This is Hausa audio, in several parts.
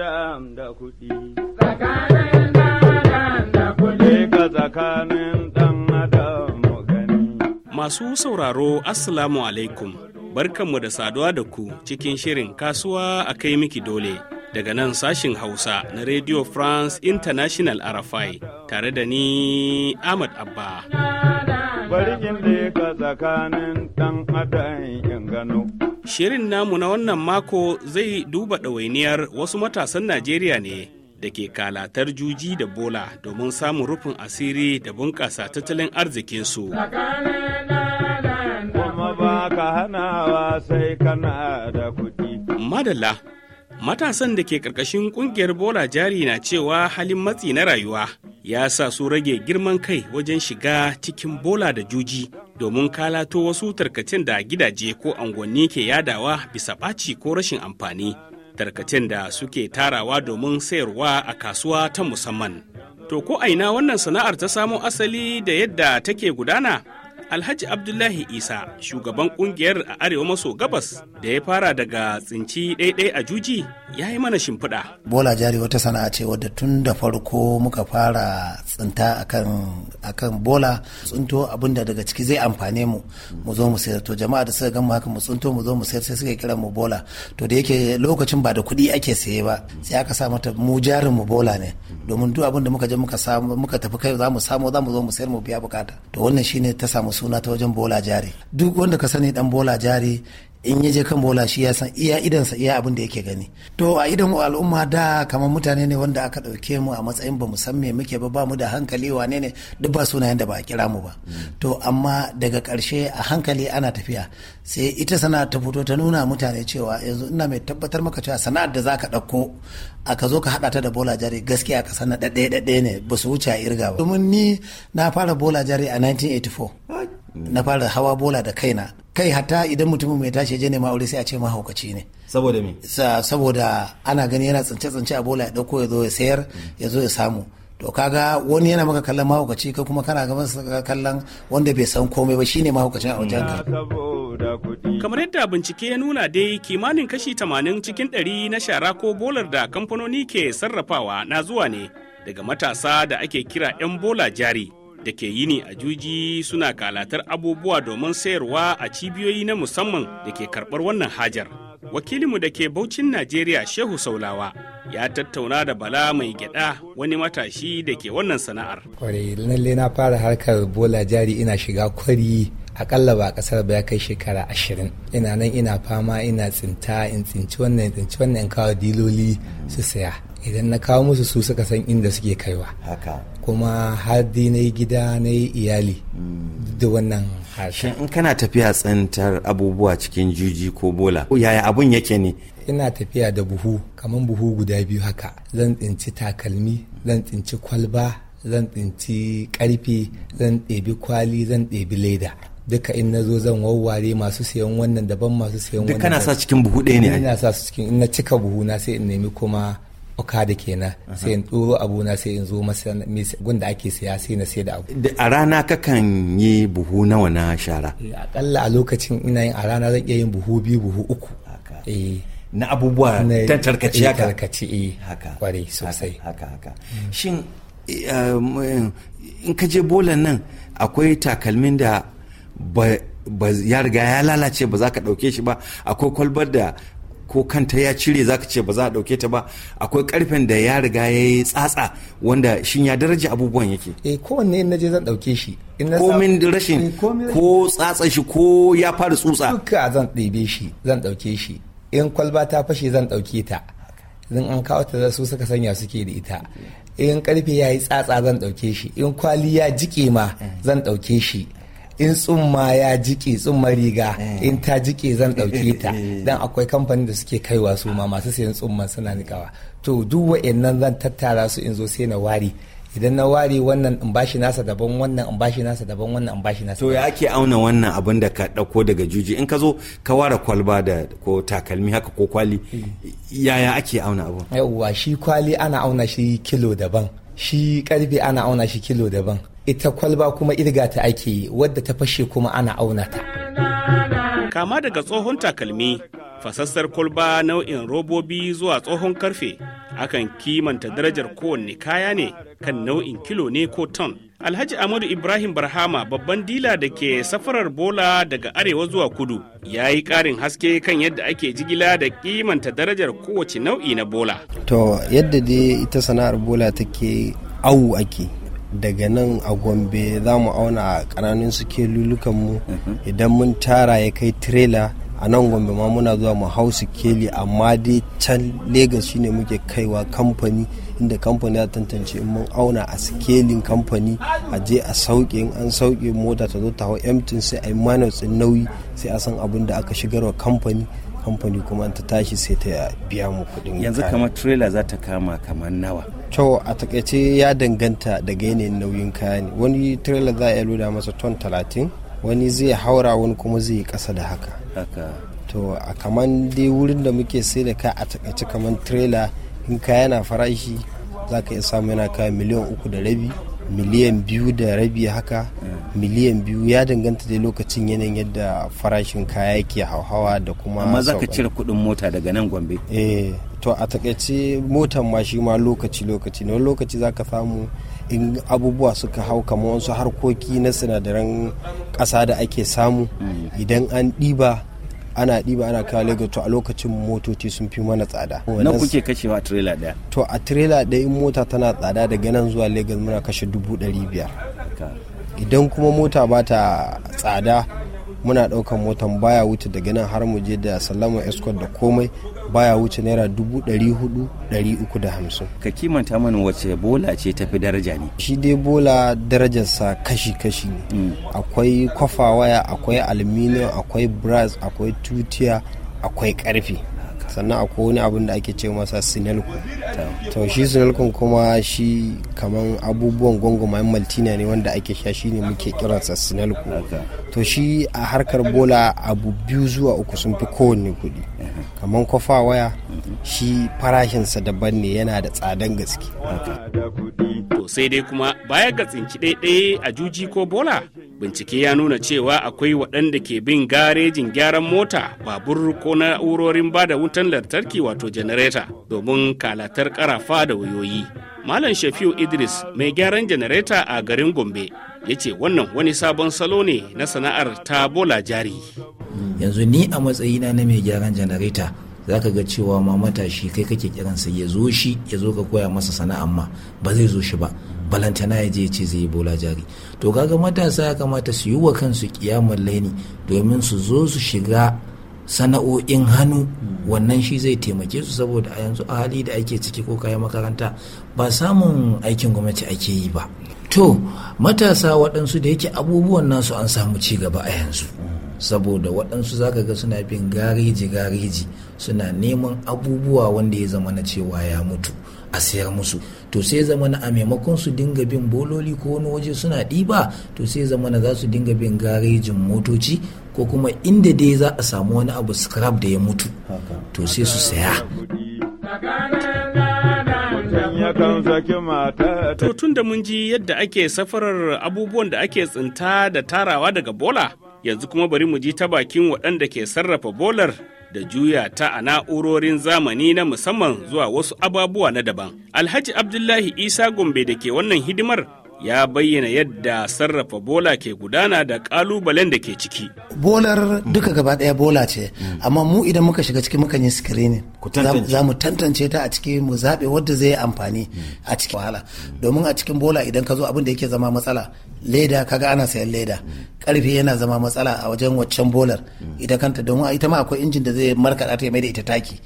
dan da kuɗi. Tsakanin dan da kuɗi. Ka tsakanin dan adam gani. Masu sauraro Assalamu alaikum. Barkanmu da saduwa da ku cikin shirin kasuwa a kai miki dole. Daga nan sashin Hausa na Radio France International RFI tare da ni Ahmad Abba. Barikin da ka tsakanin dan adam gano. Shirin namu na wannan mako zai duba ɗawainiyar wasu matasan Najeriya ne da ke kalatar juji da bola domin samun rufin asiri da bunƙasa tattalin arzikinsu. Madalla, matasan da ke ƙarƙashin ƙungiyar bola jari na cewa halin matsi na rayuwa ya sa su rage girman kai wajen shiga cikin bola da juji. domin kalato wasu tarkacen da gidaje ko angonni ke yadawa bisa ɓaci ko rashin amfani tarkacen da suke tarawa domin sayarwa a kasuwa ta musamman to ko aina wannan sana'ar ta samo asali da yadda take gudana Alhaji Abdullahi Isa shugaban kungiyar a Arewa maso gabas da ya fara daga tsinci ɗaiɗai a juji ya yi mana shimfiɗa. Bola jari wata sana'a ce wadda tun da farko muka fara tsinta akan bola tsinto abin da daga ciki zai amfane mu mu zo mu sayar to jama'a da suka gama haka mu tsinto mu zo mu sayar sai suka kira mu bola to da yake lokacin ba da kuɗi ake saye ba sai aka sa mata mu jarin mu bola ne domin duk abin da muka je muka samu muka tafi kai za mu samu za mu zo mu sayar mu biya bukata to wannan shine ta samu suna ta wajen bola jari duk wanda ka sani dan bola jari in ya je kan bola shi ya san iya idansa iya abin da yake gani to a idan al'umma da kamar mutane ne wanda aka ɗauke mu a matsayin ba mu san me muke ba ba mu da hankali wane ne duk ba sunayen da ba a kira mu ba to amma daga karshe a hankali ana tafiya sai ita sana ta fito ta nuna mutane cewa yanzu ina mai tabbatar maka cewa sana'ar da zaka ɗauko aka zo ka haɗa ta da bola jari gaskiya ka na ɗaɗɗe ɗaɗɗe ne ba su wuce a irga ba domin ni na fara bola jari a 1984 na fara hawa bola da kaina kai hatta idan mutumin mai tashi je nema aure sai a ce mahaukaci ne saboda me saboda ana gani yana tsince tsince a bola ya ɗauko ya zo ya sayar ya zo ya samu to kaga wani yana maka kallon mahaukaci ka kuma kana gaban kallon wanda bai san komai ba shine mahaukacin a wajen ka kuɗi. Kamar yadda bincike ya nuna dai kimanin kashi tamanin cikin 100 na shara ko bolar da kamfanoni ke sarrafawa na zuwa ne daga matasa da ake kira 'yan bola jari da ke yini a juji suna kalatar abubuwa domin sayarwa a cibiyoyi na musamman da ke karɓar wannan hajar. Wakilinmu da ke Baucin Najeriya Shehu Saulawa ya tattauna da Bala mai gyada wani matashi da ke wannan sana'ar. Kwarai, lalle na fara harkar bola jari ina shiga kwari akalla ba kasar ba ya kai shekara ashirin ina nan ina fama ina tsinta in tsinci wannan in tsinci wannan in kawo diloli su saya idan na kawo musu su suka san inda suke kaiwa kuma har dai na yi gida na yi iyali mm. da wannan harshen in kana tafiya tsintar abubuwa cikin juji ko bola yaya abun yake ne ina tafiya da buhu kamar buhu guda biyu haka zan tsinci takalmi zan tsinci kwalba zan tsinci karfe zan ɗebi kwali zan ɗebi leda duka in na zo zan wawware masu sayan wannan daban masu sayan wannan Duka na sa cikin buhu ɗaya ne ina sa su cikin in na cika buhu na sai in nemi kuma da kenan sai in tsoro abu na sai in zo masa gunda ake saya sai na sai da abu a rana kakan yi buhu nawa na shara eh, akalla a lokacin ina yin a rana zan iya yin buhu biyu buhu uku eh. na abubuwa ta tarkace haka tarkace eh haka kwarai sosai haka haka mm. shin eh, um, in ka je bolan nan akwai takalmin da ya riga ya lalace ba za ka ɗauke shi ba akwai kwalbar da ko kanta ya cire za ka ce ba za a ɗauke ta ba akwai karfen da ya riga ya yi tsatsa wanda shin ya daraja abubuwan yake eh kowanne in naje zan ɗauke shi komin rashin eh, ko tsatsa shi ko ya fara tsutsa duka zan ɗebe shi zan ɗauke shi in kwalba ta fashe zan ɗauke ta in an kawo ta su suka sanya suke da ita in karfe ya yi tsatsa zan ɗauke shi in kwali ya jike ma eh. zan ɗauke shi in tsumma ya jike tsumma riga mm. in ta jike zan ɗauke ta mm. dan akwai kamfanin da suke kaiwa su ma masu sayan tsumman suna nikawa to duk wa'annan zan tattara su in zo sai na wari idan na ware wannan in bashi nasa daban wannan in bashi nasa daban wannan in bashi nasa to ya ake auna wannan abin da ka dauko daga juji in ka zo ka ware kwalba da ko takalmi haka ko kwali mm. yaya ake auna abin yawwa shi kwali ana auna shi kilo daban shi karfe ana auna shi kilo daban ita kwalba kuma irga ta ake yi wadda ta fashe kuma ana auna ta kama daga tsohon takalmi fasassar kwalba nau'in robobi zuwa tsohon karfe akan kimanta darajar kowanne kaya ne kan nau'in kilo ne ko ton alhaji amadu ibrahim barhama babban dila da ke safarar bola daga arewa zuwa kudu ya yi karin haske kan yadda ake jigila da kimanta darajar kowace nau'i na bola to yadda dai ita sana'ar bola take awu ake daga nan a gombe za mu auna a ƙananun su lulukanmu idan mun tara ya kai tirela a nan gombe ma muna zuwa mu hau su keli amma dai can legas shine muke kaiwa kamfani inda kamfani ya tantance mun auna a sikelin kamfani a je a sauke in an sauke mota ta zo ta hau emtin sai a yi manos nauyi sai a san abin da aka shigarwa kamfani kamfani kuma ta tashi sai ta biya mu kuɗin yanzu kamar trailer za ta kama kamar nawa to a takaice ya danganta daga yanayin nauyin kaya ne wani trailer za a iya loda masa ton talatin wani zai haura wani kuma zai kasa da haka to a kaman dai wurin da muke sai da ka a takaice kaman trailer in kaya na farashi za ka iya samu yana kaya miliyan uku da rabi miliyan biyu da rabi haka eh. miliyan biyu ya danganta dai lokacin yanayin yadda farashin kaya ke hauhawa da kuma amma za ka cire kuɗin mota daga nan gombe eh to a takaice motan ma shi ma lokaci-lokaci ne wani lokaci za ka samu in abubuwa suka hau kamar wasu harkoki na sinadaran ƙasa da ake samu mm. idan an ɗiba ana ɗiba ana kawo lagos to a lokacin motoci sun fi mana tsada. na kuke kashewa a trailer ɗaya? to a trailer ɗaya in mota tana tsada daga nan zuwa lagos muna kashe dubu ɗari biyar idan kuma mota ba ta tsada muna ɗaukan motan baya wuce daga nan har mu je da sallama escort da komai baya wuce naira dubu ɗari hudu ɗari uku da hamsin. ka kimanta mana wace bola ce ta fi daraja ne. shi dai bola darajarsa kashi-kashi ne mm. akwai kwafa waya akwai aluminium akwai brass akwai tutiya akwai karfe sannan akwai wani abin da ake ce masa sinelco to shi sinelco kuma shi kaman abubuwan gwangwama maltina ne wanda ake sha shi ne muke kiransa sinelco to shi a harkar bola abu biyu zuwa uku sun fi kowanne kuɗi kaman kwafa waya shi farashinsa daban ne yana da tsadan gaske to sai dai kuma baya ga tsinci ɗaiɗaya a juji ko bola bincike ya nuna cewa akwai waɗanda ke bin garejin gyaran mota babur ko na'urorin ba da wutan lantarki wato janareta domin kalatar karafa da wayoyi malam shafiu idris mai gyaran janareta a garin gombe ya ce wannan wani sabon salo ne na sana'ar ta bola jari yanzu ni a matsayina na mai gyaran janareta za ka ga cewa ma matashi kai kake kiransa ya zo shi ya zo ka koya masa sana'a, ma ba zai zo shi ba balantana ya je ce zai yi bola jari to kaga matasa ya kamata su yi wa kansu kiyamar laini domin su zo su shiga sana'o'in hannu wannan shi zai taimake su saboda a yanzu a hali da ake ciki ko kayan makaranta ba samun aikin gwamnati ake yi ba to matasa waɗansu da yake abubuwan nasu an samu ci gaba a yanzu saboda waɗansu za ka ga suna bin gareji gareji suna neman abubuwa wanda ya zama na cewa ya mutu a sayar musu to sai zama a maimakon su dinga bin bololi ko wani waje suna ɗiba to sai zama na za su dinga bin garejin motoci ko kuma inda dai za a samu wani abu scrap da ya mutu to sai su saya To tun da mun ji yadda ake safarar abubuwan da ake tsinta da tarawa daga bola yanzu kuma bari mu ji ta bakin waɗanda ke sarrafa bolar da juya ta a na'urorin zamani na musamman zuwa wasu ababuwa na daban. Alhaji Abdullahi Isa Gombe da ke wannan hidimar ya bayyana yadda sarrafa bola ke gudana da kalubalen da ke ciki. Bolar duka gaba daya bola ce, mm. amma mu idan muka shiga ciki muka yi screening. Za mu tantance ta a ciki mu zaɓe wadda zai yi amfani mm. a cikin wahala. Domin a cikin bola idan ka zo abin da yake zama matsala, leda kaga ana sayan leda, karfe mm. yana zama matsala a wajen waccan bolar. Ita kanta domin ita ma akwai injin da zai markaɗa ta mai da ita taki.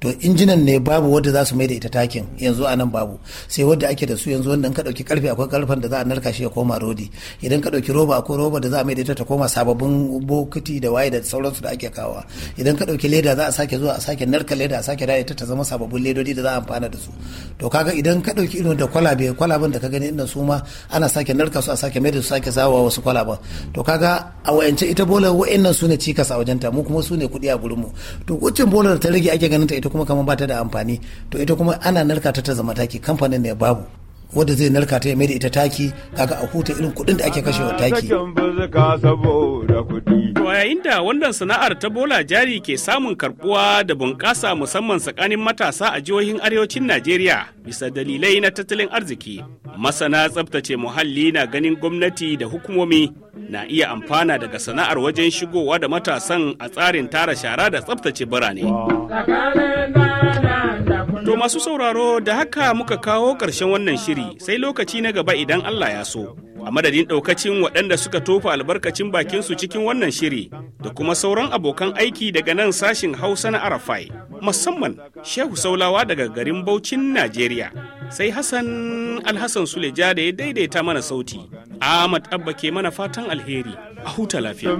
to injinan ne babu wadda za su mai da ita takin yanzu a nan babu sai wadda ake da su yanzu wanda ka ɗauki karfe akwai karfen da za a narka shi ya koma rodi idan ka ɗauki roba akwai roba da za a mai da ita ta koma sababbin bokiti da waye da sauransu da ake kawa idan ka ɗauki leda za a sake zuwa a sake narka leda a sake dawo ita ta zama sababbin ledodi da za a amfana da su to kaga idan ka ɗauki irin da kwalabe kwalaben da ka gani inda su ana sake narka su a sake mai da su sake zawo wasu kwalaben to kaga a wayance ita bolar wa'annan su ne cikas a wajenta mu kuma su ne kuɗi a gurinmu to wucin bolar ta rage ake ganin ta ita kuma kamar ba ta da amfani to ita kuma ana narka ta ta zama taki kamfanin ne babu wadda zai narka ta mai da ita taki kaga a huta irin kuɗin da ake kashewa taki. To yayin da wannan sana'ar ta bola jari ke samun karbuwa da bunƙasa musamman tsakanin matasa a jihohin arewacin Najeriya bisa dalilai na tattalin arziki. Masana tsabtace muhalli na ganin gwamnati da hukumomi na iya amfana daga sana'ar wajen shigowa da matasan a tsarin tara shara da tsabtace birane. To masu sauraro da haka muka kawo ƙarshen wannan shiri sai lokaci na gaba idan Allah ya so. A madadin ɗaukacin waɗanda suka tofa albarkacin bakinsu cikin wannan shiri da kuma sauran abokan aiki daga nan sashin Hausa na Arafai, musamman Shehu Saulawa daga garin Baucin Najeriya. Sai Hassan Alhassan Suleja da ya daidaita mana sauti. Ahmad Abba ke mana fatan alheri a huta lafiya.